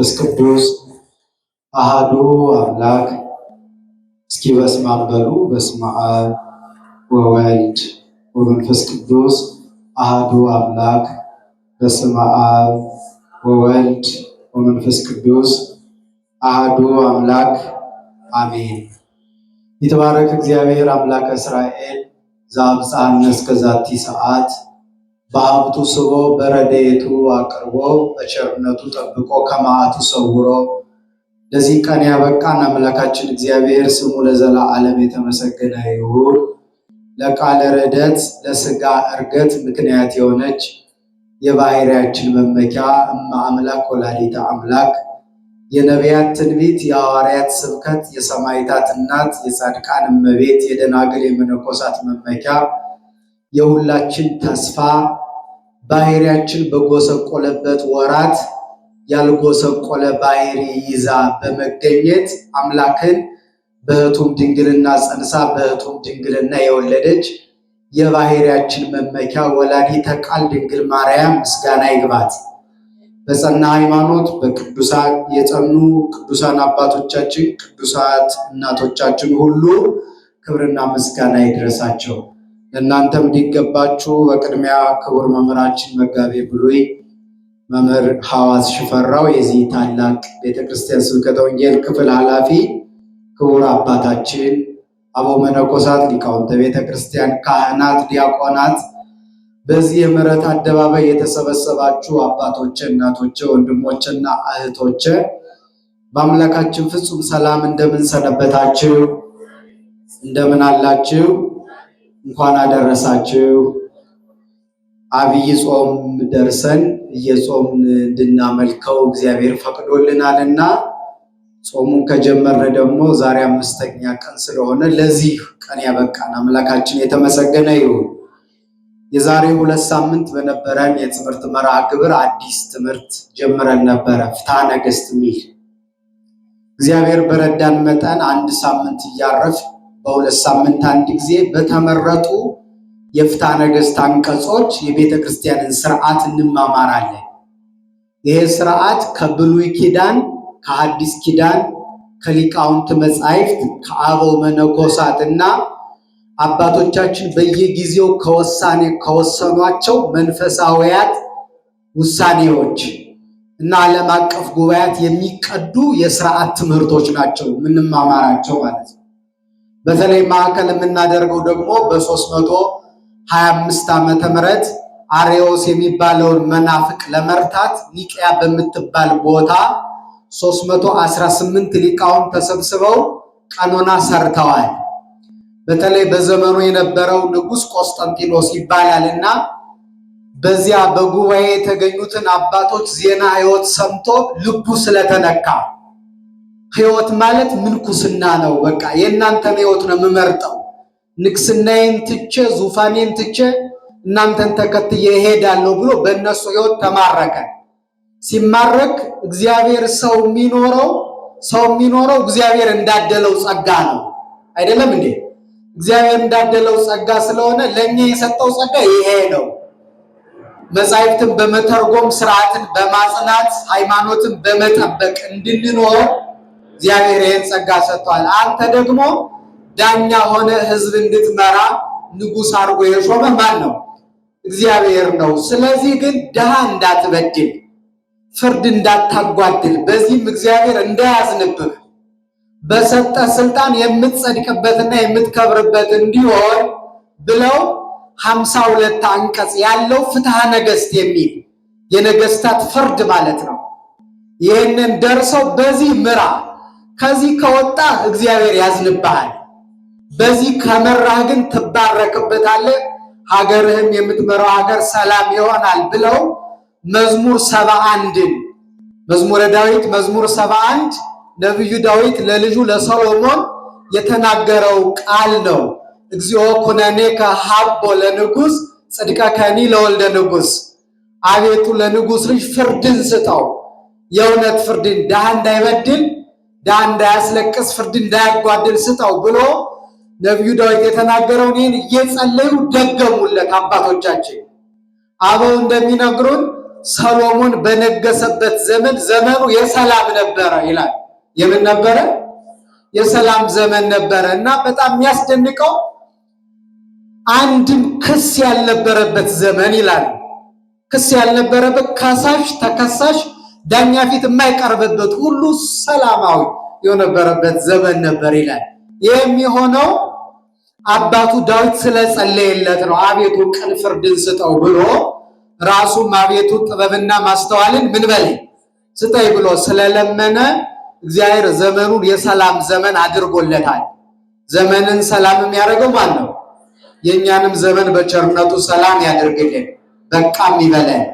መንፈስ ቅዱስ አህዱ አምላክ። እስኪ በስመ አብ በሉ። በስመ አብ ወወልድ ወመንፈስ ቅዱስ አሃዱ አምላክ። በስመ አብ ወወልድ ወመንፈስ ቅዱስ አሃዱ አምላክ በስመ አብ ወወልድ ወመንፈስ ቅዱስ አህዱ አምላክ አሜን ይትባረክ እግዚአብሔር አምላከ እስራኤል ዘአብጽሐነ እስከ ዛቲ ሰዓት በሀብቱ ስቦ በረድኤቱ አቅርቦ በቸርነቱ ጠብቆ ከመዓቱ ሰውሮ ለዚህ ቀን ያበቃን አምላካችን እግዚአብሔር ስሙ ለዘላለም የተመሰገነ ይሁን። ለቃለ ረደት ለስጋ እርገት ምክንያት የሆነች የባህሪያችን መመኪያ እማ አምላክ ወላዲተ አምላክ የነቢያት ትንቢት፣ የሐዋርያት ስብከት፣ የሰማይታት እናት፣ የጻድቃን እመቤት፣ የደናግል የመነኮሳት መመኪያ የሁላችን ተስፋ ባህሪያችን በጎሰቆለበት ወራት ያልጎሰቆለ ባህሪ ይዛ በመገኘት አምላክን በሕቱም ድንግልና ጸንሳ በሕቱም ድንግልና የወለደች የባህሪያችን መመኪያ ወላዲተ ቃል ድንግል ማርያም ምስጋና ይግባት። በጸና ሃይማኖት በቅዱሳን የጸኑ ቅዱሳን አባቶቻችን፣ ቅዱሳት እናቶቻችን ሁሉ ክብርና ምስጋና ይድረሳቸው። ለእናንተም እንዲገባችሁ በቅድሚያ ክቡር መምህራችን መጋቤ ብሉይ መምህር ሐዋስ ሽፈራው የዚህ ታላቅ ቤተክርስቲያን ስብከተ ወንጌል ክፍል ኃላፊ ክቡር አባታችን አበው መነኮሳት፣ ሊቃውንተ ቤተክርስቲያን፣ ካህናት፣ ዲያቆናት በዚህ የምሕረት አደባባይ የተሰበሰባችሁ አባቶች፣ እናቶች ወንድሞችና እህቶች በአምላካችን ፍጹም ሰላም እንደምን ሰነበታችሁ? እንደምን አላችሁ? እንኳን አደረሳችሁ። አብይ ጾም ደርሰን እየጾም እንድናመልከው እግዚአብሔር ፈቅዶልናል እና ጾሙን ከጀመረ ደግሞ ዛሬ አምስተኛ ቀን ስለሆነ ለዚህ ቀን ያበቃን አምላካችን የተመሰገነ ይሁን። የዛሬ ሁለት ሳምንት በነበረን የትምህርት መርሃ ግብር አዲስ ትምህርት ጀምረን ነበረ፣ ፍትሐ ነገሥት ሚል እግዚአብሔር በረዳን መጠን አንድ ሳምንት እያረፍ በሁለት ሳምንት አንድ ጊዜ በተመረጡ የፍትሐ ነገሥት አንቀጾች የቤተ ክርስቲያንን ስርዓት እንማማራለን። ይሄ ስርዓት ከብሉይ ኪዳን፣ ከአዲስ ኪዳን፣ ከሊቃውንት መጻሕፍት፣ ከአበው መነኮሳት እና አባቶቻችን በየጊዜው ከወሳኔ ከወሰኗቸው መንፈሳዊያት ውሳኔዎች እና ዓለም አቀፍ ጉባኤያት የሚቀዱ የስርዓት ትምህርቶች ናቸው የምንማማራቸው ማለት ነው። በተለይ ማዕከል የምናደርገው ደግሞ በ325 ዓመተ ምህረት አሬዎስ የሚባለውን መናፍቅ ለመርታት ኒቅያ በምትባል ቦታ 318 ሊቃውን ተሰብስበው ቀኖና ሰርተዋል። በተለይ በዘመኑ የነበረው ንጉሥ ቆስጠንጢኖስ ይባላል እና በዚያ በጉባኤ የተገኙትን አባቶች ዜና ሕይወት ሰምቶ ልቡ ስለተነካ ህይወት ማለት ምንኩስና ነው። በቃ የእናንተን ህይወት ነው የምመርጠው። ንግስናዬን ትቼ ዙፋኔን ትቼ እናንተን ተከትዬ እሄዳለሁ ብሎ በእነሱ ህይወት ተማረከ። ሲማረክ እግዚአብሔር ሰው የሚኖረው ሰው የሚኖረው እግዚአብሔር እንዳደለው ጸጋ ነው። አይደለም እንዴ? እግዚአብሔር እንዳደለው ጸጋ ስለሆነ ለእኛ የሰጠው ጸጋ ይሄ ነው። መጻሕፍትን በመተርጎም ስርዓትን በማጽናት ሃይማኖትን በመጠበቅ እንድንኖር እግዚአብሔር ይህን ጸጋ ሰጥቷል። አንተ ደግሞ ዳኛ ሆነ ህዝብ እንድትመራ ንጉሥ አድርጎ የሾመ ማን ነው? እግዚአብሔር ነው። ስለዚህ ግን ድሃ እንዳትበድል፣ ፍርድ እንዳታጓድል፣ በዚህም እግዚአብሔር እንዳያዝንብህ በሰጠ ስልጣን የምትጸድቅበትና የምትከብርበት እንዲሆን ብለው ሀምሳ ሁለት አንቀጽ ያለው ፍትሐ ነገሥት የሚል የነገስታት ፍርድ ማለት ነው። ይህንን ደርሰው በዚህ ምራ ከዚህ ከወጣ እግዚአብሔር ያዝንብሃል። በዚህ ከመራህ ግን ትባረክበታለህ፣ ሀገርህም የምትመራው ሀገር ሰላም ይሆናል ብለው መዝሙር ሰባ አንድን መዝሙረ ዳዊት መዝሙር ሰባ አንድ ነቢዩ ዳዊት ለልጁ ለሰሎሞን የተናገረው ቃል ነው። እግዚኦ ኩነኔ ከሀቦ ለንጉስ ጽድቀ ከኒ ለወልደ ንጉስ አቤቱ ለንጉስ ልጅ ፍርድን ስጠው፣ የእውነት ፍርድን ድሃ እንዳይበድል ዳ እንዳያስለቅስ ፍርድ እንዳያጓድል ስጠው ብሎ ነቢዩ ዳዊት የተናገረው ይህን እየጸለዩ ደገሙለት አባቶቻችን። አበው እንደሚነግሩን ሰሎሞን በነገሰበት ዘመን ዘመኑ የሰላም ነበረ ይላል። የምን ነበረ? የሰላም ዘመን ነበረ እና በጣም የሚያስደንቀው አንድም ክስ ያልነበረበት ዘመን ይላል። ክስ ያልነበረበት ከሳሽ ተከሳሽ ዳኛ ፊት የማይቀርብበት ሁሉ ሰላማዊ የነበረበት ዘመን ነበር ይላል። የሚሆነው አባቱ ዳዊት ስለጸለየለት ነው። አቤቱ ቅን ፍርድን ስጠው ብሎ ራሱም አቤቱ ጥበብና ማስተዋልን ምን በል? ስጠይ ብሎ ስለለመነ እግዚአብሔር ዘመኑን የሰላም ዘመን አድርጎለታል። ዘመንን ሰላም የሚያደርገው ማን ነው? የእኛንም ዘመን በቸርነቱ ሰላም ያደርግልን፣ በቃም ይበለን።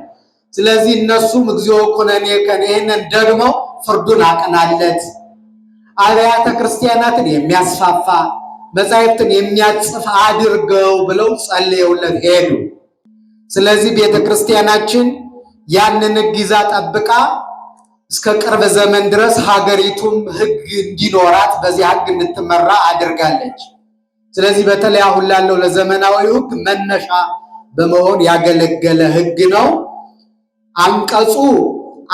ስለዚህ እነሱም እግዚኦ ኩነኔ ከኔህንን ደግሞ ፍርዱን አቅናለት አብያተ ክርስቲያናትን የሚያስፋፋ መጻሕፍትን የሚያጽፍ አድርገው ብለው ጸልየውለት ሄዱ። ስለዚህ ቤተ ክርስቲያናችን ያንን ሕግ ይዛ ጠብቃ እስከ ቅርብ ዘመን ድረስ ሀገሪቱም ሕግ እንዲኖራት በዚህ ሕግ እንድትመራ አድርጋለች። ስለዚህ በተለይ አሁን ላለው ለዘመናዊ ሕግ መነሻ በመሆን ያገለገለ ሕግ ነው። አንቀጹ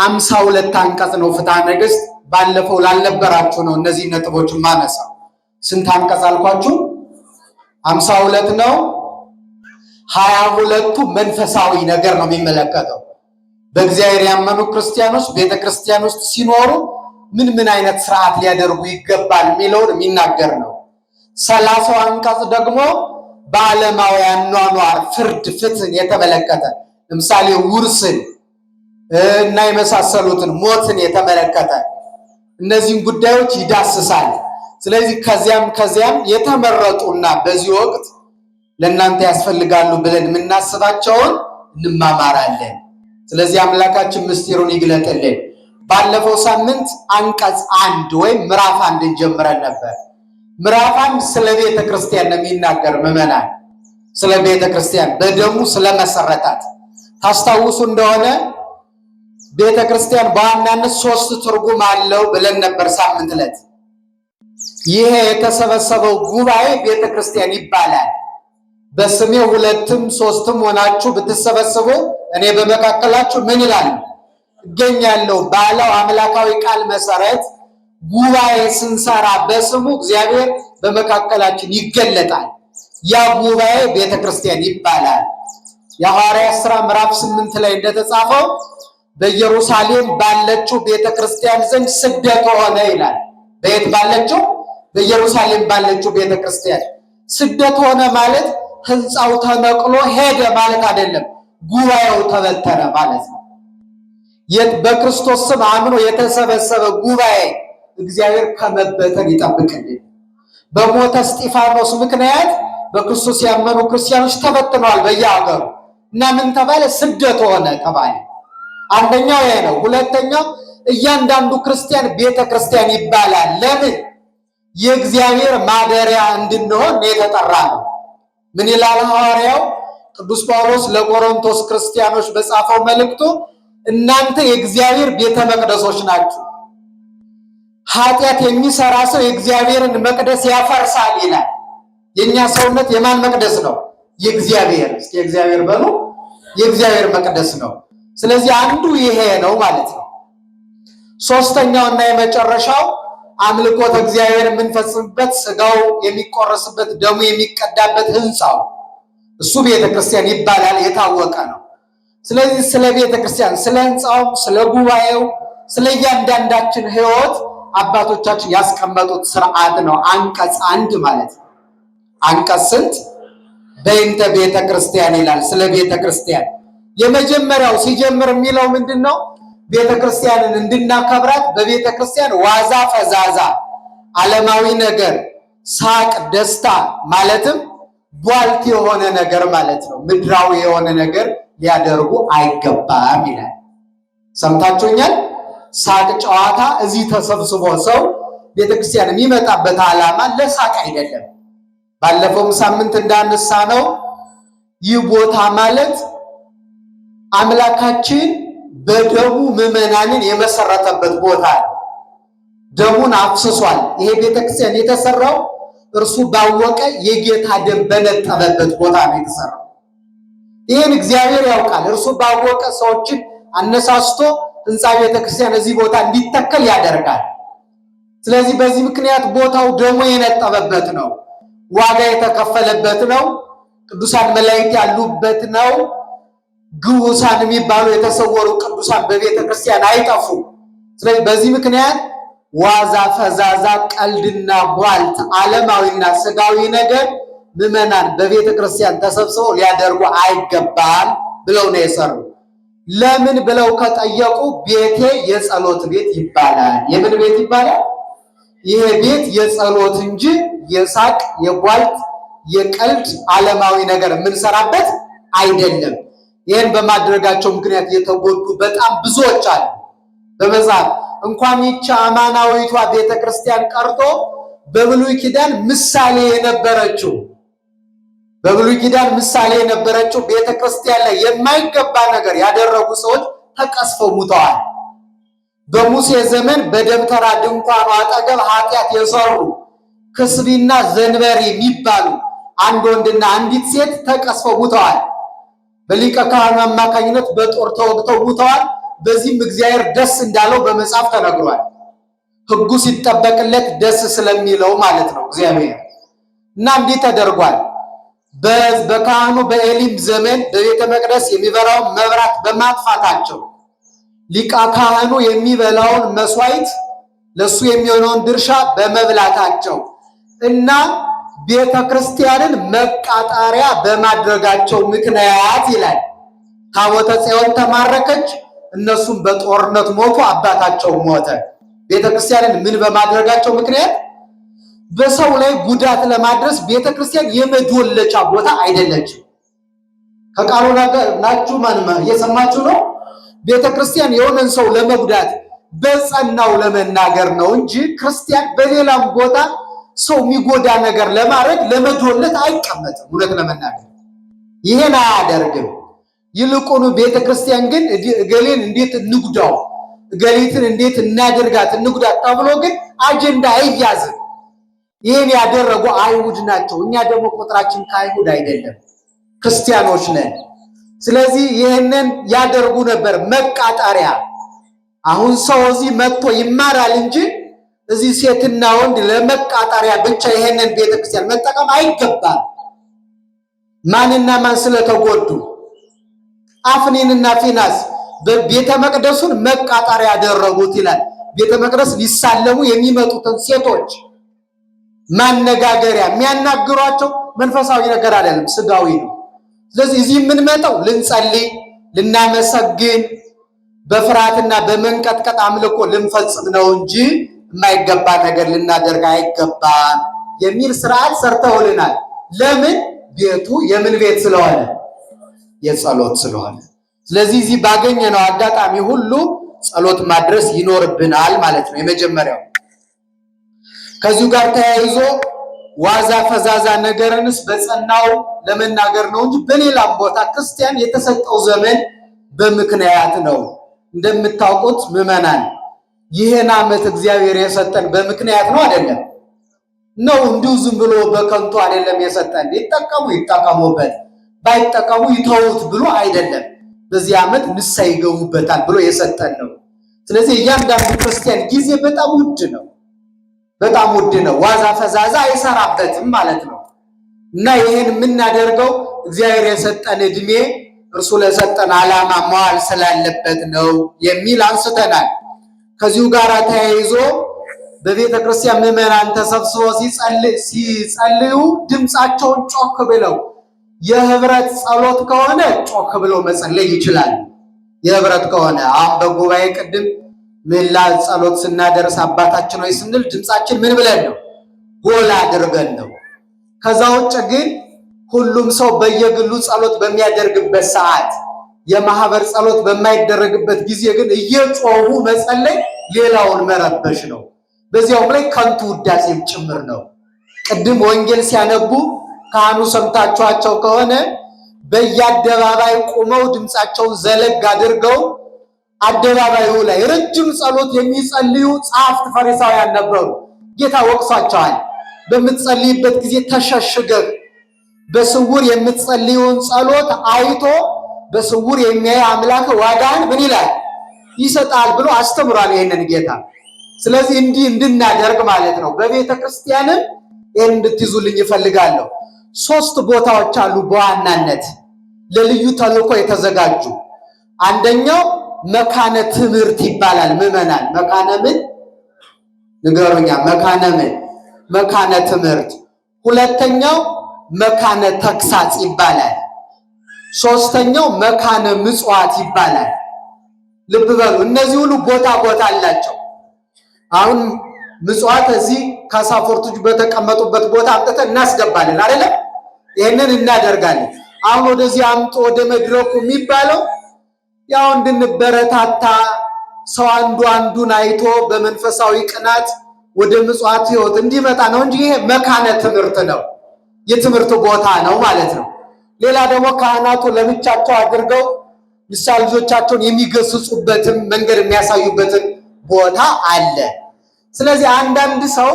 አምሳ ሁለት አንቀጽ ነው። ፍትሐ ነገሥት ባለፈው ላልነበራችሁ ነው እነዚህ ነጥቦች ማነሳው። ስንት አንቀጽ አልኳችሁ? አምሳ ሁለት ነው። ሀያ ሁለቱ መንፈሳዊ ነገር ነው የሚመለከተው በእግዚአብሔር ያመኑ ክርስቲያኖች ቤተ ክርስቲያን ውስጥ ሲኖሩ ምን ምን አይነት ስርዓት ሊያደርጉ ይገባል የሚለውን የሚናገር ነው። ሰላሳው አንቀጽ ደግሞ በዓለማዊ አኗኗር ፍርድ፣ ፍትህን የተመለከተ ለምሳሌ ውርስን እና የመሳሰሉትን ሞትን የተመለከተ እነዚህን ጉዳዮች ይዳስሳል። ስለዚህ ከዚያም ከዚያም የተመረጡና በዚህ ወቅት ለእናንተ ያስፈልጋሉ ብለን የምናስባቸውን እንማማራለን። ስለዚህ አምላካችን ምስጢሩን ይግለጥልን። ባለፈው ሳምንት አንቀጽ አንድ ወይም ምዕራፍ አንድን ጀምረን ነበር። ምዕራፍ አንድ ስለ ቤተ ክርስቲያን ነው የሚናገር። ምዕመናን ስለ ቤተ ክርስቲያን በደሙ ስለመሰረታት ታስታውሱ እንደሆነ ቤተ ክርስቲያን በዋናነት ሶስት ትርጉም አለው ብለን ነበር ሳምንት ዕለት። ይሄ የተሰበሰበው ጉባኤ ቤተ ክርስቲያን ይባላል። በስሜ ሁለትም ሶስትም ሆናችሁ ብትሰበሰቡ እኔ በመካከላችሁ ምን ይላል እገኛለሁ ባለው አምላካዊ ቃል መሰረት ጉባኤ ስንሰራ በስሙ እግዚአብሔር በመካከላችን ይገለጣል። ያ ጉባኤ ቤተ ክርስቲያን ይባላል። የሐዋርያት ሥራ ምዕራፍ ስምንት ላይ እንደተጻፈው በኢየሩሳሌም ባለችው ቤተ ክርስቲያን ዘንድ ስደት ሆነ ይላል። በየት ባለችው? በኢየሩሳሌም ባለችው ቤተ ክርስቲያን ስደት ሆነ ማለት ህንፃው ተነቅሎ ሄደ ማለት አይደለም። ጉባኤው ተበተነ ማለት ነው። በክርስቶስ ስም አምኖ የተሰበሰበ ጉባኤ እግዚአብሔር ከመበተን ይጠብቅልን። በሞተ እስጢፋኖስ ምክንያት በክርስቶስ ያመኑ ክርስቲያኖች ተበትነዋል በየሀገሩ እና ምን ተባለ? ስደት ሆነ ተባለ። አንደኛው ይሄ ነው። ሁለተኛው እያንዳንዱ ክርስቲያን ቤተ ክርስቲያን ይባላል። ለምን? የእግዚአብሔር ማደሪያ እንድንሆን የተጠራ ነው። ምን ይላል ሐዋርያው ቅዱስ ጳውሎስ ለቆሮንቶስ ክርስቲያኖች በጻፈው መልእክቱ እናንተ የእግዚአብሔር ቤተ መቅደሶች ናችሁ፣ ኃጢአት የሚሰራ ሰው የእግዚአብሔርን መቅደስ ያፈርሳል ይላል። የእኛ ሰውነት የማን መቅደስ ነው? የእግዚአብሔር። እስኪ የእግዚአብሔር በሉ። የእግዚአብሔር መቅደስ ነው። ስለዚህ አንዱ ይሄ ነው ማለት ነው። ሶስተኛው እና የመጨረሻው አምልኮት እግዚአብሔር የምንፈጽምበት ስጋው የሚቆረስበት ደሙ የሚቀዳበት ህንፃው እሱ ቤተ ክርስቲያን ይባላል፣ የታወቀ ነው። ስለዚህ ስለ ቤተ ክርስቲያን፣ ስለ ህንፃው፣ ስለ ጉባኤው፣ ስለ እያንዳንዳችን ህይወት አባቶቻችን ያስቀመጡት ስርዓት ነው። አንቀጽ አንድ ማለት ነው። አንቀጽ ስንት በይንተ ቤተ ክርስቲያን ይላል ስለ ቤተ ክርስቲያን የመጀመሪያው ሲጀምር የሚለው ምንድን ነው? ቤተክርስቲያንን እንድናከብራት በቤተክርስቲያን ዋዛ ፈዛዛ፣ ዓለማዊ ነገር፣ ሳቅ፣ ደስታ ማለትም ቧልት የሆነ ነገር ማለት ነው። ምድራዊ የሆነ ነገር ሊያደርጉ አይገባም ይላል። ሰምታችሁኛል? ሳቅ፣ ጨዋታ እዚህ ተሰብስቦ ሰው ክርስቲያን የሚመጣበት ዓላማ ለሳቅ አይደለም። ባለፈውም ሳምንት እንዳነሳ ነው ይህ ቦታ ማለት አምላካችን በደሙ ምዕመናንን የመሰረተበት ቦታ ደሙን አፍስሷል። ይሄ ቤተክርስቲያን የተሰራው እርሱ ባወቀ የጌታ ደም በነጠበበት ቦታ ነው የተሰራው። ይህን እግዚአብሔር ያውቃል። እርሱ ባወቀ ሰዎችን አነሳስቶ ህንፃ ቤተክርስቲያን እዚህ ቦታ እንዲተከል ያደርጋል። ስለዚህ በዚህ ምክንያት ቦታው ደሙ የነጠበበት ነው፣ ዋጋ የተከፈለበት ነው፣ ቅዱሳን መላእክት ያሉበት ነው። ግዑሳን የሚባሉ የተሰወሩ ቅዱሳን በቤተ ክርስቲያን አይጠፉ። ስለዚህ በዚህ ምክንያት ዋዛ፣ ፈዛዛ፣ ቀልድና ቧልት፣ ዓለማዊና ስጋዊ ነገር ምዕመናን በቤተ ክርስቲያን ተሰብስበው ሊያደርጉ አይገባም ብለው ነው የሰሩ። ለምን ብለው ከጠየቁ ቤቴ የጸሎት ቤት ይባላል። የምን ቤት ይባላል? ይሄ ቤት የጸሎት እንጂ የሳቅ የቧልት የቀልድ ዓለማዊ ነገር የምንሰራበት አይደለም። ይህን በማድረጋቸው ምክንያት የተጎዱ በጣም ብዙዎች አሉ። በመጽሐፍ እንኳን ይቺ አማናዊቷ ቤተ ክርስቲያን ቀርቶ በብሉይ ኪዳን ምሳሌ የነበረችው በብሉይ ኪዳን ምሳሌ የነበረችው ቤተ ክርስቲያን ላይ የማይገባ ነገር ያደረጉ ሰዎች ተቀስፈው ሙተዋል። በሙሴ ዘመን በደብተራ ድንኳኑ አጠገብ ኃጢአት የሰሩ ክስቢና ዘንበሪ የሚባሉ አንድ ወንድና አንዲት ሴት ተቀስፈው ሙተዋል። በሊቀ ካህኑ አማካኝነት በጦር ተወግተው ሙተዋል። በዚህም እግዚአብሔር ደስ እንዳለው በመጽሐፍ ተነግሯል። ሕጉ ሲጠበቅለት ደስ ስለሚለው ማለት ነው እግዚአብሔር እና እንዲህ ተደርጓል። በካህኑ በኤሊም ዘመን በቤተ መቅደስ የሚበራውን መብራት በማጥፋታቸው ሊቀ ካህኑ የሚበላውን መስዋዕት ለሱ የሚሆነውን ድርሻ በመብላታቸው እና ቤተ ክርስቲያንን መቃጠሪያ በማድረጋቸው ምክንያት ይላል። ታቦተ ጽዮን ተማረከች፣ እነሱም በጦርነት ሞቱ፣ አባታቸው ሞተ። ቤተ ክርስቲያንን ምን በማድረጋቸው ምክንያት? በሰው ላይ ጉዳት ለማድረስ ቤተ ክርስቲያን የመዶለቻ ቦታ አይደለችም። ከቃሉ ናችሁ ማንም እየሰማችሁ ነው። ቤተ ክርስቲያን የሆነን ሰው ለመጉዳት በጸናው ለመናገር ነው እንጂ ክርስቲያን በሌላም ቦታ ሰው የሚጎዳ ነገር ለማድረግ ለመዶለት አይቀመጥም። እውነት ለመናገር ይሄን አያደርግም። ይልቁኑ ቤተክርስቲያን ግን እገሌን እንዴት እንጉዳው፣ እገሊትን እንዴት እናደርጋት፣ እንጉዳት ተብሎ ግን አጀንዳ አይያዝም። ይህን ያደረጉ አይሁድ ናቸው። እኛ ደግሞ ቁጥራችን ከአይሁድ አይደለም፣ ክርስቲያኖች ነን። ስለዚህ ይህንን ያደርጉ ነበር መቃጠሪያ። አሁን ሰው እዚህ መጥቶ ይማራል እንጂ እዚህ ሴትና ወንድ ለመቃጠሪያ ብቻ ይሄንን ቤተክርስቲያን መጠቀም አይገባም። ማንና ማን ስለተጎዱ አፍኒንና ፊናስ ቤተ መቅደሱን መቃጠሪያ ያደረጉት ይላል። ቤተ መቅደስ ሊሳለሙ የሚመጡትን ሴቶች ማነጋገሪያ የሚያናግሯቸው መንፈሳዊ ነገር አይደለም፣ ስጋዊ ነው። ስለዚህ እዚህ የምንመጣው ልንጸልይ፣ ልናመሰግን፣ በፍርሃትና በመንቀጥቀጥ አምልኮ ልንፈጽም ነው እንጂ የማይገባ ነገር ልናደርግ አይገባም የሚል ስርዓት ሰርተውልናል። ለምን? ቤቱ የምን ቤት ስለሆነ የጸሎት ስለሆነ። ስለዚህ እዚህ ባገኘነው አጋጣሚ ሁሉ ጸሎት ማድረስ ይኖርብናል ማለት ነው። የመጀመሪያው ከዚሁ ጋር ተያይዞ ዋዛ ፈዛዛ ነገርንስ በጸናው ለመናገር ነው እንጂ በሌላም ቦታ ክርስቲያን የተሰጠው ዘመን በምክንያት ነው። እንደምታውቁት ምዕመናን ይህን ዓመት እግዚአብሔር የሰጠን በምክንያት ነው አይደለም ነው እንዲሁ ዝም ብሎ በከንቱ አይደለም የሰጠን። ይጠቀሙ ይጠቀሙበት፣ ባይጠቀሙ ይተውት ብሎ አይደለም። በዚህ ዓመት ንሳ ይገቡበታል ብሎ የሰጠን ነው። ስለዚህ እያንዳንዱ ክርስቲያን ጊዜ በጣም ውድ ነው፣ በጣም ውድ ነው። ዋዛ ፈዛዛ አይሰራበትም ማለት ነው እና ይህን የምናደርገው እግዚአብሔር የሰጠን እድሜ እርሱ ለሰጠን ዓላማ መዋል ስላለበት ነው የሚል አንስተናል። ከዚሁ ጋር ተያይዞ በቤተ ክርስቲያን ምዕመናን ተሰብስቦ ሲጸልዩ ድምፃቸውን ጮክ ብለው የህብረት ጸሎት ከሆነ ጮክ ብለው መጸለይ ይችላል። የህብረት ከሆነ አሁን በጉባኤ ቅድም ምላ ጸሎት ስናደርስ አባታችን ሆይ ስንል ድምፃችን ምን ብለን ነው? ጎላ አድርገን ነው። ከዛ ውጭ ግን ሁሉም ሰው በየግሉ ጸሎት በሚያደርግበት ሰዓት የማህበር ጸሎት በማይደረግበት ጊዜ ግን እየጮሁ መጸለይ ሌላውን መረበሽ ነው። በዚያውም ላይ ከንቱ ውዳሴም ጭምር ነው። ቅድም ወንጌል ሲያነቡ ካህኑ ሰምታችኋቸው ከሆነ በየአደባባይ ቆመው ድምፃቸውን ዘለግ አድርገው አደባባዩ ላይ ረጅም ጸሎት የሚጸልዩ ጸሐፍት ፈሪሳውያን ነበሩ። ጌታ ወቅሷቸዋል። በምትጸልይበት ጊዜ ተሸሽገ በስውር የምትጸልዩን ጸሎት አይቶ በስውር የሚያይ አምላክ ዋጋን ምን ይላል ይሰጣል ብሎ አስተምሯል ይሄንን ጌታ። ስለዚህ እንዲህ እንድናደርግ ማለት ነው። በቤተ ክርስቲያንም ይህን እንድትይዙልኝ ይፈልጋለሁ። ሶስት ቦታዎች አሉ በዋናነት ለልዩ ተልእኮ የተዘጋጁ። አንደኛው መካነ ትምህርት ይባላል። ምዕመናን መካነ ምን ንገሩኛ? መካነ ምን? መካነ ትምህርት። ሁለተኛው መካነ ተግሳጽ ይባላል። ሶስተኛው መካነ ምጽዋት ይባላል። ልብ በሉ እነዚህ ሁሉ ቦታ ቦታ አላቸው። አሁን ምጽዋት እዚህ ካሳፎርቶች በተቀመጡበት ቦታ አምጥተን እናስገባለን አይደለም? ይህንን እናደርጋለን። አሁን ወደዚህ አምጦ ወደ መድረኩ የሚባለው ያው እንድንበረታታ ሰው አንዱ አንዱን አይቶ በመንፈሳዊ ቅናት ወደ ምጽዋት ሕይወት እንዲመጣ ነው እንጂ ይሄ መካነ ትምህርት ነው፣ የትምህርት ቦታ ነው ማለት ነው። ሌላ ደግሞ ካህናቱ ለብቻቸው አድርገው ንስሐ ልጆቻቸውን የሚገስጹበትን መንገድ የሚያሳዩበትን ቦታ አለ። ስለዚህ አንዳንድ ሰው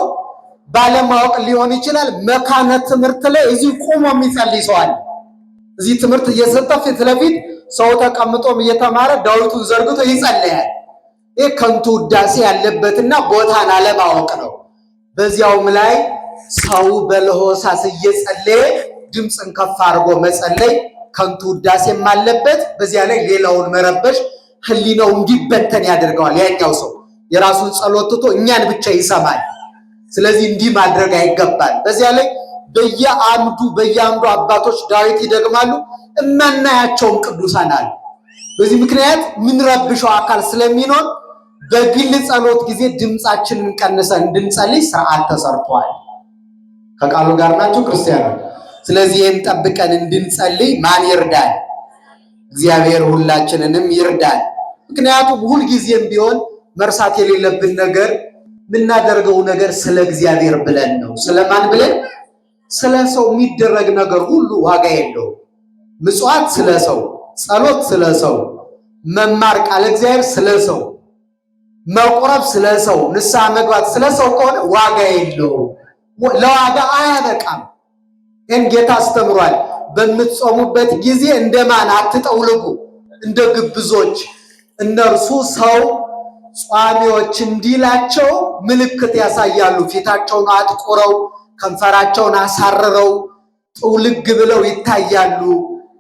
ባለማወቅ ሊሆን ይችላል። መካነ ትምህርት ላይ እዚህ ቆሞ የሚጸልይ ሰው አለ። እዚህ ትምህርት እየሰጠ ፊት ለፊት ሰው ተቀምጦም እየተማረ ዳዊቱ ዘርግቶ ይጸልያል። ይህ ከንቱ ውዳሴ ያለበትና ቦታን አለማወቅ ነው። በዚያውም ላይ ሰው በለሆሳስ እየጸለየ ድምፅን ከፍ አድርጎ መጸለይ ከንቱ ውዳሴም አለበት። በዚያ ላይ ሌላውን መረበሽ ህሊናው እንዲበተን ያደርገዋል። ያኛው ሰው የራሱን ጸሎት ትቶ እኛን ብቻ ይሰማል። ስለዚህ እንዲህ ማድረግ አይገባል። በዚያ ላይ በየአንዱ በየአንዱ አባቶች ዳዊት ይደግማሉ፣ እማናያቸውም ቅዱሳን አሉ። በዚህ ምክንያት ምንረብሸው አካል ስለሚኖር በግል ጸሎት ጊዜ ድምፃችንን ቀንሰን እንድንጸልይ ስርዓት ተሰርቷል። ከቃሉ ጋር ናቸው ክርስቲያኖች። ስለዚህ ይህን ጠብቀን እንድንጸልይ ማን ይርዳል? እግዚአብሔር ሁላችንንም ይርዳል። ምክንያቱም ሁልጊዜም ቢሆን መርሳት የሌለብን ነገር የምናደርገው ነገር ስለ እግዚአብሔር ብለን ነው። ስለማን ብለን? ስለ ሰው የሚደረግ ነገር ሁሉ ዋጋ የለው ምጽዋት ስለ ሰው፣ ጸሎት ስለ ሰው፣ መማር ቃለ እግዚአብሔር ስለ ሰው፣ መቁረብ ስለ ሰው፣ ንስሐ መግባት ስለ ሰው ከሆነ ዋጋ የለው ለዋጋ አያበቃም። ይህን አስተምሯል። በምትጾሙበት ጊዜ እንደማን አትጠውልጉ፣ እንደ ግብዞች እነርሱ ሰው ጿሚዎች እንዲላቸው ምልክት ያሳያሉ። ፊታቸውን አጥቁረው ከንፈራቸውን አሳርረው ጥውልግ ብለው ይታያሉ።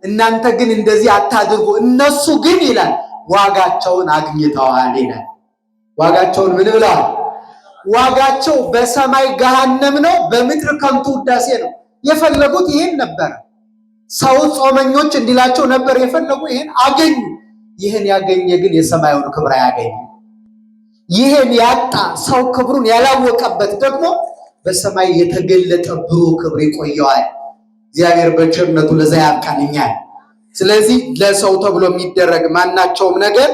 እናንተ ግን እንደዚህ አታድርጉ። እነሱ ግን ይላል ዋጋቸውን አግኝተዋል ይላል። ዋጋቸውን ምን ብለዋል? ዋጋቸው በሰማይ ገሃነም ነው፣ በምድር ከንቱ ውዳሴ ነው። የፈለጉት ይሄን ነበር ሰው ጾመኞች እንዲላቸው ነበር የፈለጉ። ይሄን አገኙ። ይህን ያገኘ ግን የሰማዩን ክብር አያገኙ። ይህን ያጣ ሰው ክብሩን ያላወቀበት ደግሞ በሰማይ የተገለጠ ብሩ ክብር ይቆየዋል። እግዚአብሔር በቸርነቱ ለዛ ያብቃንኛል። ስለዚህ ለሰው ተብሎ የሚደረግ ማናቸውም ነገር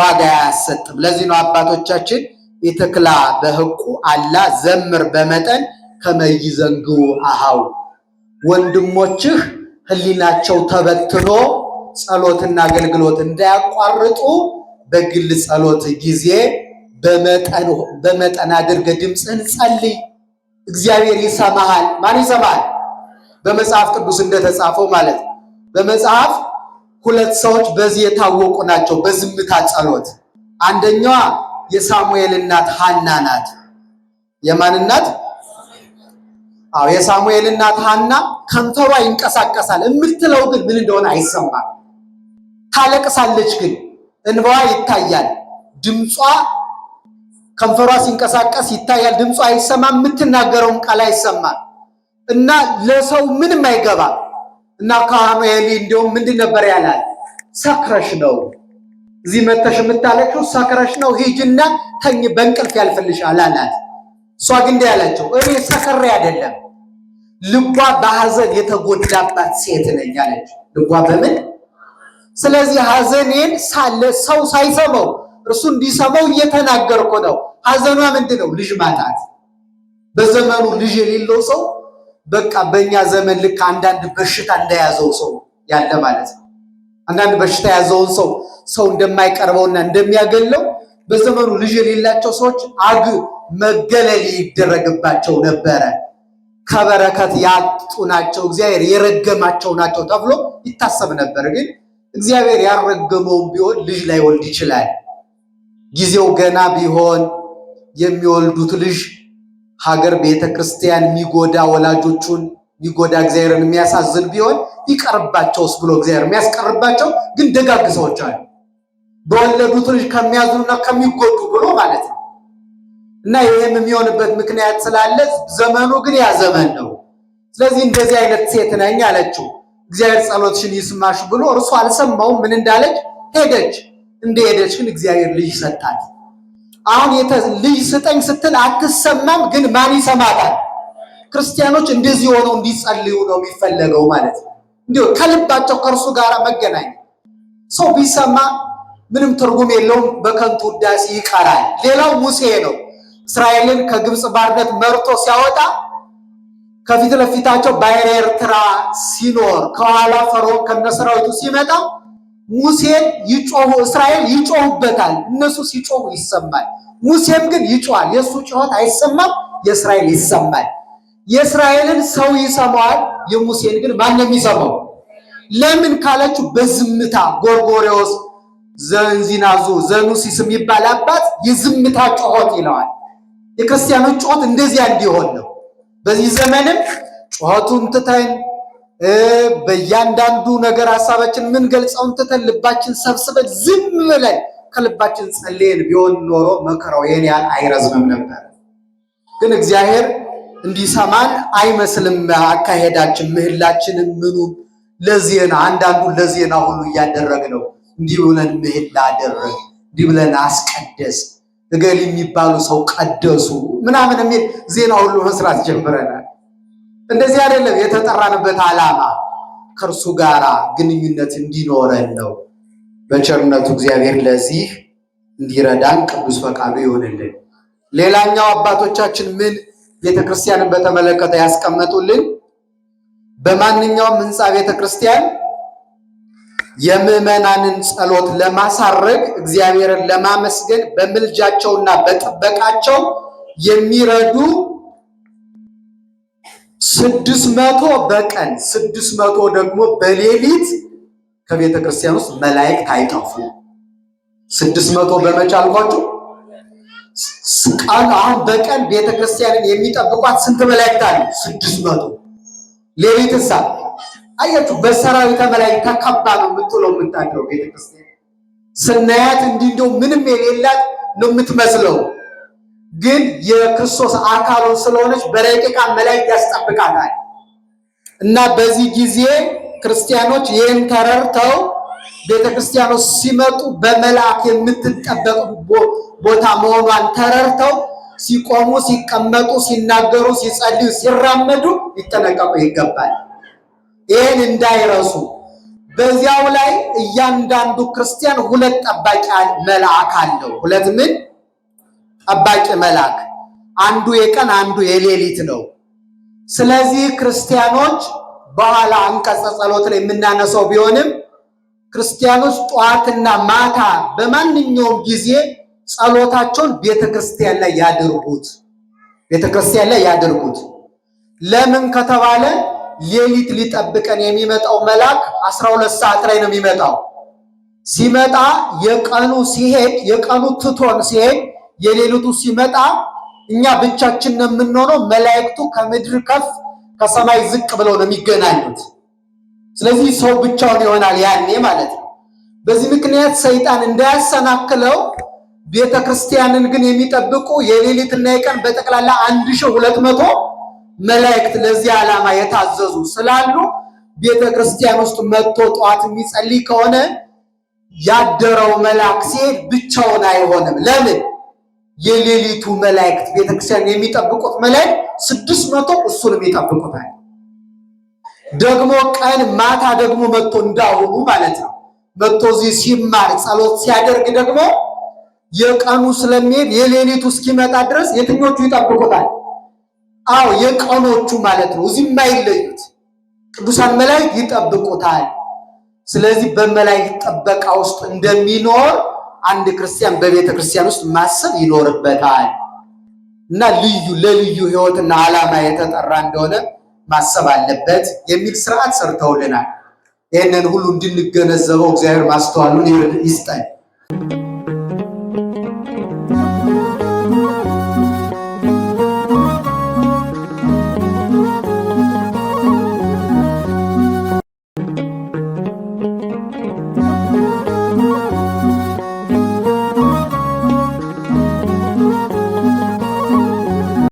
ዋጋ አያሰጥም። ለዚህ ነው አባቶቻችን የተክላ በህቁ አላ ዘምር በመጠን ከመይዘንግው አሃው ወንድሞችህ ህሊናቸው ተበትኖ ጸሎትና አገልግሎት እንዳያቋርጡ በግል ጸሎት ጊዜ በመጠን አድርገ ድምፅህን ጸልይ። እግዚአብሔር ይሰማሃል። ማን ይሰማሃል? በመጽሐፍ ቅዱስ እንደተጻፈው ማለት በመጽሐፍ ሁለት ሰዎች በዚህ የታወቁ ናቸው፣ በዝምታ ጸሎት። አንደኛዋ የሳሙኤል እናት ሃና ናት። የማን እናት? አዎ የሳሙኤል እናት ሐና ከንፈሯ ይንቀሳቀሳል፣ የምትለው ግን ምን እንደሆነ አይሰማም። ታለቅሳለች፣ ግን እንባዋ ይታያል። ድምጿ ከንፈሯ ሲንቀሳቀስ ይታያል፣ ድምጿ አይሰማም፣ የምትናገረውን ቃል አይሰማም። እና ለሰው ምንም አይገባም። እና ካህኑ ኤሊ እንዲሁም ምንድን ነበር ያላል? ሰክረሽ ነው እዚህ መተሽ የምታለችው ሰክረሽ ነው፣ ሂጂና ተኝ፣ በእንቅልፍ ያልፍልሻል አላት። እሷ ግን እንዲህ ያላቸው እኔ ሰከሬ አይደለም ልቧ በሐዘን የተጎዳባት ሴት ነኝ ያለችው። ልቧ በምን? ስለዚህ ሐዘኔን ሳለ ሰው ሳይሰማው እርሱ እንዲሰማው እየተናገርኩ ነው። ሐዘኗ ምንድን ነው? ልጅ ማጣት። በዘመኑ ልጅ የሌለው ሰው በቃ በእኛ ዘመን ልክ አንዳንድ በሽታ እንደያዘው ሰው ያለ ማለት ነው። አንዳንድ በሽታ የያዘውን ሰው ሰው እንደማይቀርበውና እንደሚያገለው በዘመኑ ልጅ የሌላቸው ሰዎች አግ መገለል ይደረግባቸው ነበረ። ከበረከት ያጡ ናቸው፣ እግዚአብሔር የረገማቸው ናቸው ተብሎ ይታሰብ ነበር። ግን እግዚአብሔር ያረገመው ቢሆን ልጅ ላይ ወልድ ይችላል። ጊዜው ገና ቢሆን የሚወልዱት ልጅ ሀገር፣ ቤተ ክርስቲያን የሚጎዳ ወላጆቹን የሚጎዳ እግዚአብሔርን የሚያሳዝን ቢሆን ይቀርባቸውስ ብሎ እግዚአብሔር የሚያስቀርባቸው ግን ደጋግ ሰዎች አሉ። በወለዱት ልጅ ከሚያዝኑና ከሚጎዱ ብሎ ማለት ነው እና ይህም የሚሆንበት ምክንያት ስላለ ዘመኑ ግን ያ ዘመን ነው። ስለዚህ እንደዚህ አይነት ሴት ነኝ አለችው። እግዚአብሔር ጸሎትሽን ይስማሽ ብሎ እርሱ አልሰማውም። ምን እንዳለች ሄደች። እንደሄደች ግን እግዚአብሔር ልጅ ሰጣት። አሁን ልጅ ስጠኝ ስትል አትሰማም፣ ግን ማን ይሰማታል? ክርስቲያኖች እንደዚህ ሆነው እንዲጸልዩ ነው የሚፈለገው ማለት ነው። እንዲሁ ከልባቸው ከእርሱ ጋር መገናኘት። ሰው ቢሰማ ምንም ትርጉም የለውም፣ በከንቱ ውዳሴ ይቀራል። ሌላው ሙሴ ነው። እስራኤልን ከግብፅ ባርነት መርጦ ሲያወጣ ከፊት ለፊታቸው ባሕረ ኤርትራ ሲኖር ከኋላ ፈርዖን ከነሰራዊቱ ሲመጣ ሙሴን ይጮሁ እስራኤል ይጮሁበታል። እነሱ ሲጮሁ ይሰማል። ሙሴም ግን ይጮሃል። የእሱ ጩኸት አይሰማም፣ የእስራኤል ይሰማል። የእስራኤልን ሰው ይሰማዋል፣ የሙሴን ግን ማንም ይሰማው። ለምን ካለችሁ በዝምታ ጎርጎሬዎስ ዘንዚናዙ ዘኑሲስ የሚባል አባት የዝምታ ጩኸት ይለዋል። የክርስቲያኖች ጩኸት እንደዚያ እንዲሆን ነው። በዚህ ዘመንም ጩኸቱን ትተን በእያንዳንዱ ነገር ሀሳባችን የምንገልጸውን ትተን ልባችን ሰብስበን ዝም ብለን ከልባችን ጸልየን ቢሆን ኖሮ መከራው ይህን ያህል አይረዝምም ነበር። ግን እግዚአብሔር እንዲሰማን አይመስልም። አካሄዳችን፣ ምህላችን ምኑ ለዜና አንዳንዱ ለዜና ሁሉ እያደረግነው እንዲህ ብለን ምህላ አደረግ እንዲህ ብለን አስቀደስ እገል የሚባሉ ሰው ቀደሱ ምናምን የሚል ዜና ሁሉ መስራት ጀምረናል። እንደዚህ አይደለም። የተጠራንበት ዓላማ ከእርሱ ጋር ግንኙነት እንዲኖረን ነው። በቸርነቱ እግዚአብሔር ለዚህ እንዲረዳን ቅዱስ ፈቃዱ ይሆንልን። ሌላኛው አባቶቻችን ምን ቤተክርስቲያንን በተመለከተ ያስቀመጡልን በማንኛውም ህንፃ ቤተክርስቲያን የምዕመናንን ጸሎት ለማሳረግ እግዚአብሔርን ለማመስገን በምልጃቸውና በጥበቃቸው የሚረዱ ስድስት መቶ በቀን ስድስት መቶ ደግሞ በሌሊት ከቤተ ክርስቲያን ውስጥ መላእክት አይጠፉ። ስድስት መቶ በመች አልኳችሁ? አሁን በቀን ቤተ ክርስቲያንን የሚጠብቋት ስንት መላእክት አሉ? ስድስት መቶ ሌሊት አያችሁ፣ በሰራዊተ መላእክት ተከባ ነው የምትውለው የምታድረው ቤተክርስቲያን። ስናያት እንዲህ እንደው ምንም የሌላት ነው የምትመስለው፣ ግን የክርስቶስ አካሉ ስለሆነች በረቂቃ መላእክት ያስጠብቃታል። እና በዚህ ጊዜ ክርስቲያኖች ይህን ተረርተው ቤተክርስቲያኖች ሲመጡ በመልአክ የምትጠበቅ ቦታ መሆኗን ተረርተው ሲቆሙ፣ ሲቀመጡ፣ ሲናገሩ፣ ሲጸልዩ፣ ሲራመዱ ሊጠነቀቁ ይገባል። ይህን እንዳይረሱ። በዚያው ላይ እያንዳንዱ ክርስቲያን ሁለት ጠባቂ መልአክ አለው። ሁለት ምን ጠባቂ መልአክ፣ አንዱ የቀን አንዱ የሌሊት ነው። ስለዚህ ክርስቲያኖች በኋላ አንቀጸ ጸሎት ላይ የምናነሳው ቢሆንም ክርስቲያኖች ጠዋትና ማታ በማንኛውም ጊዜ ጸሎታቸውን ቤተክርስቲያን ላይ ያድርጉት። ቤተክርስቲያን ላይ ያድርጉት። ለምን ከተባለ ሌሊት ሊጠብቀን የሚመጣው መልአክ 12 ሰዓት ላይ ነው የሚመጣው። ሲመጣ የቀኑ ሲሄድ የቀኑ ትቶን ሲሄድ የሌሊቱ ሲመጣ እኛ ብቻችን ነው የምንሆነው። መላእክቱ ከምድር ከፍ ከሰማይ ዝቅ ብለው ነው የሚገናኙት። ስለዚህ ሰው ብቻውን ይሆናል ያኔ ማለት ነው። በዚህ ምክንያት ሰይጣን እንዳያሰናክለው ቤተ ክርስቲያንን ግን የሚጠብቁ የሌሊትና የቀን በጠቅላላ አንድ ሺህ ሁለት መቶ መላእክት ለዚህ ዓላማ የታዘዙ ስላሉ ቤተ ክርስቲያን ውስጥ መጥቶ ጠዋት የሚጸልይ ከሆነ ያደረው መልአክ ሲሄድ ብቻውን አይሆንም። ለምን? የሌሊቱ መላእክት ቤተክርስቲያን የሚጠብቁት መላእክት ስድስት መቶ እሱንም ይጠብቁታል። ደግሞ ቀን ማታ ደግሞ መጥቶ እንዳሁኑ ማለት ነው መጥቶ እዚህ ሲማር ጸሎት ሲያደርግ ደግሞ የቀኑ ስለሚሄድ የሌሊቱ እስኪመጣ ድረስ የትኞቹ ይጠብቁታል? አዎ የቀኖቹ ማለት ነው። እዚህ የማይለዩት ቅዱሳን መላእክት ይጠብቁታል። ስለዚህ በመላእክት ጥበቃ ውስጥ እንደሚኖር አንድ ክርስቲያን በቤተ ክርስቲያን ውስጥ ማሰብ ይኖርበታል እና ልዩ ለልዩ ህይወትና ዓላማ የተጠራ እንደሆነ ማሰብ አለበት የሚል ስርዓት ሰርተውልናል። ይህንን ሁሉ እንድንገነዘበው እግዚአብሔር ማስተዋሉን ይስጠን።